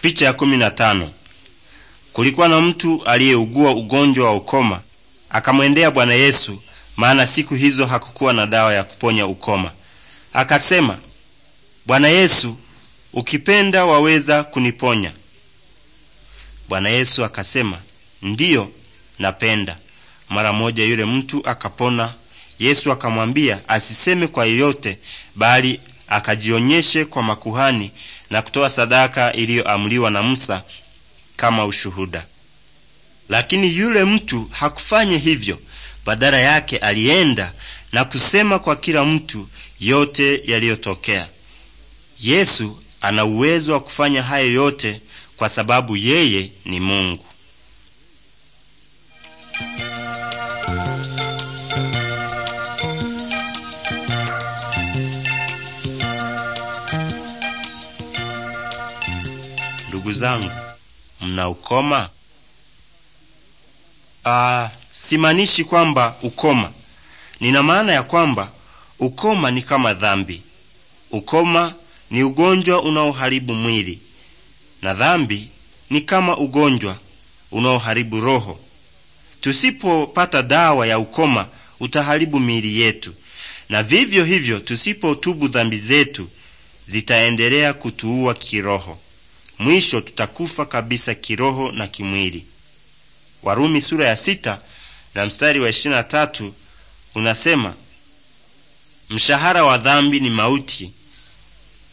Picha ya kumi na tano. Kulikuwa na mtu aliyeugua ugonjwa wa ukoma, akamwendea Bwana Yesu, maana siku hizo hakukuwa na dawa ya kuponya ukoma. Akasema, Bwana Yesu, ukipenda waweza kuniponya. Bwana Yesu akasema, ndiyo, napenda. Mara moja yule mtu akapona. Yesu akamwambia asiseme kwa yeyote, bali akajionyeshe kwa makuhani na kutoa sadaka iliyoamliwa na Musa kama ushuhuda. Lakini yule mtu hakufanya hivyo. Badala yake alienda na kusema kwa kila mtu yote yaliyotokea. Yesu ana uwezo wa kufanya hayo yote kwa sababu yeye ni Mungu. ndugu zangu, ukoma? Aa, ah, simanishi kwamba ukoma. Nina maana ya kwamba ukoma ni kama dhambi. Ukoma ni ugonjwa unaoharibu mwili, na dhambi ni kama ugonjwa unaoharibu roho. Tusipopata dawa ya ukoma, utaharibu miili yetu, na vivyo hivyo tusipotubu dhambi zetu zitaendelea kutuua kiroho mwisho tutakufa kabisa kiroho na kimwili. Warumi sura ya sita na mstari wa ishirini na tatu unasema, mshahara wa dhambi ni mauti,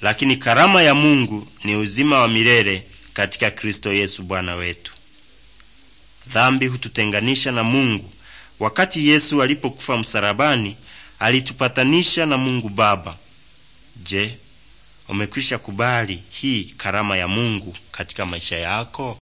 lakini karama ya Mungu ni uzima wa milele katika Kristo Yesu Bwana wetu. Dhambi hututenganisha na Mungu. Wakati Yesu alipokufa msalabani, alitupatanisha na Mungu Baba. Je, Umekwisha kubali hii karama ya Mungu katika maisha yako?